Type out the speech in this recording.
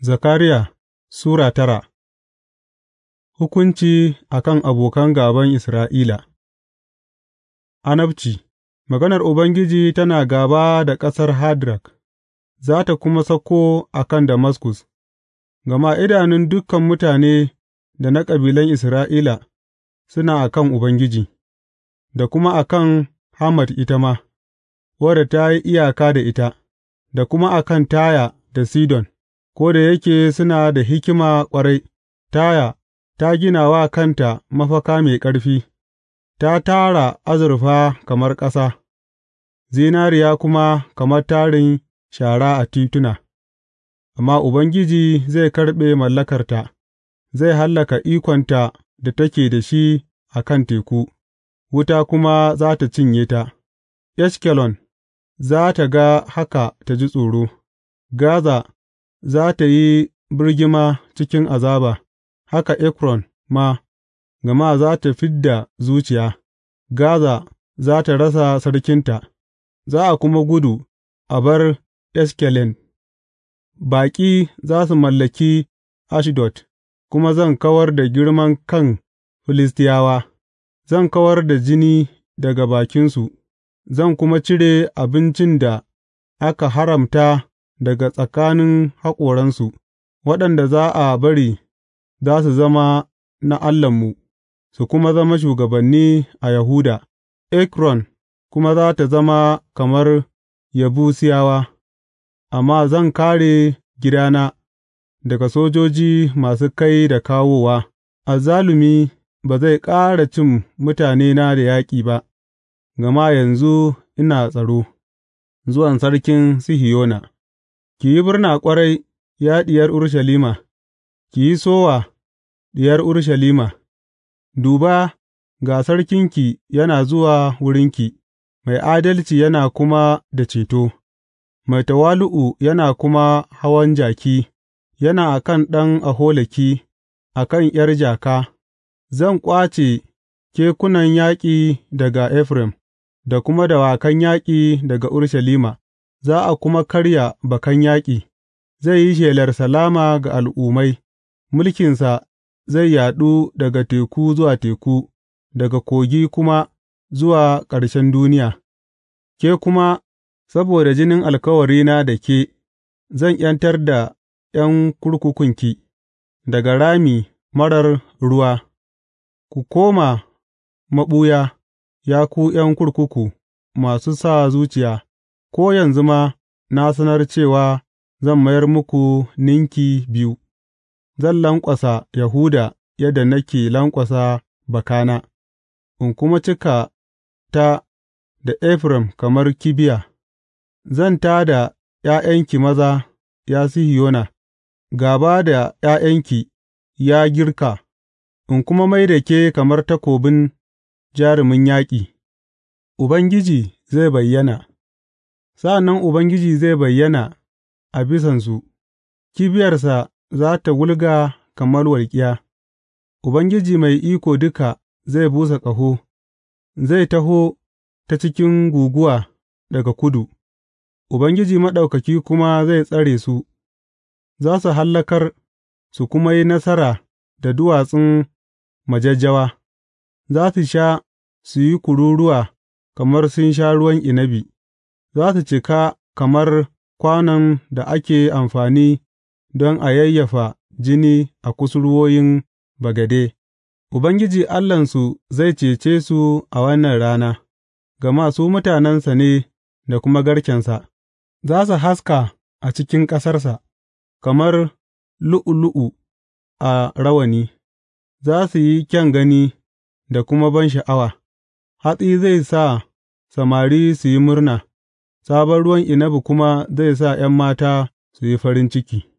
Zakariya Sura tara Hukunci a kan abokan gaban Isra'ila Anabci Maganar Ubangiji tana gaba da ƙasar Hadrak, za tă kuma sauko a kan Damaskus, gama idanun dukan mutane da na kabilan Isra'ila suna a kan Ubangiji, da kuma a kan Hamad ita ma, wadda ta yi iyaka da ita, da kuma a kan Taya da Sidon. ko da yake suna da hikima ƙwarai, Taya ta gina wa kanta mafaka mai ƙarfi, ta tara azurfa kamar ƙasa, zinariya kuma kamar tarin shara a tituna, amma Ubangiji zai karɓe mallakarta, zai hallaka ikonta da take da shi a kan teku, wuta kuma za ta cinye ta, Eshkelon za ta ga haka ta ji tsoro, Gaza. za tă yi birgima cikin azaba, haka Ekron ma, gama za tă fid da zuciya, Gaza za ta rasa sarkinta, za a kuma gudu a bar Eskelen, baƙi za su mallaki Ashdod, kuma zan kawar da girman kan Filistiyawa, zan kawar da jini daga bakinsu, zan kuma cire abincin da aka haramta daga tsakanin haƙoransu, waɗanda za a bari za su zama na Allahnmu, su kuma zama shugabanni a Yahuda, Ekron kuma za ta zama kamar Yabusiyawa. amma zan kare gidana daga sojoji masu kai da kawowa, azzalumi ba zai ƙara cin mutanena da yaƙi ba, gama yanzu ina tsaro, zuwan Sarkin Sihiyona. Ki yi birna ƙwarai, ya Diyar Urushalima, ki yi sowa, Diyar Urushalima, Duba, ga sarkinki yana zuwa wurinki, mai adalci yana kuma da ceto, mai tawali'u yana kuma hawan jaki, yana a kan ɗan aholaki, a kan ’yar jaka, zan ƙwace kekunan yaƙi daga Efraim da kuma dawakan yaƙi daga Urushalima. za a kuma karya bakan yaƙi; zai yi shelar salama ga al'ummai, mulkinsa zai yaɗu daga teku zuwa teku, daga kogi kuma zuwa ƙarshen duniya, ke kuma saboda jinin alkawarina da ke, zan ’yantar da ’yan kurkukunki daga rami marar ruwa, ku koma maɓuya, ya ku ’yan kurkuku masu sa zuciya. ko yanzu ma na sanar cewa zan mayar muku ninki biyu, zan lanƙwasa Yahuda yadda nake lanƙwasa bakana, in kuma cika ta da Efraim kamar kibiya, zan tā da ’ya'yanki maza, ya Sihiyona, Gaba da ’ya'yanki, ya Girka, in kuma mai da ke kamar takobin jarumin yaƙi, Ubangiji zai bayyana. Sa'an nan Ubangiji zai bayyana a bisansu, kibiyarsa za tă wulga kamar walƙiya; Ubangiji Mai Iko Duka zai busa ƙaho, zai taho ta cikin guguwa daga kudu, Ubangiji Maɗaukaki kuma zai tsare su; za su hallakar su kuma yi nasara da duwatsun majajjawa; za su sha su yi kururuwa kamar sun sha ruwan inabi. za su cika kamar kwanon da ake amfani don a yayyafa jini a kusurwoyin bagade, Ubangiji Allahnsu zai cece su a wannan rana, gama su mutanensa ne da kuma garkensa, za su haska a cikin ƙasarsa, kamar lu'ulu'u a rawani, za su yi kyan gani da kuma ban sha'awa. hatsi zai sa samari su yi murna. sabon ruwan inabi kuma zai sa ’yan mata su yi farin ciki.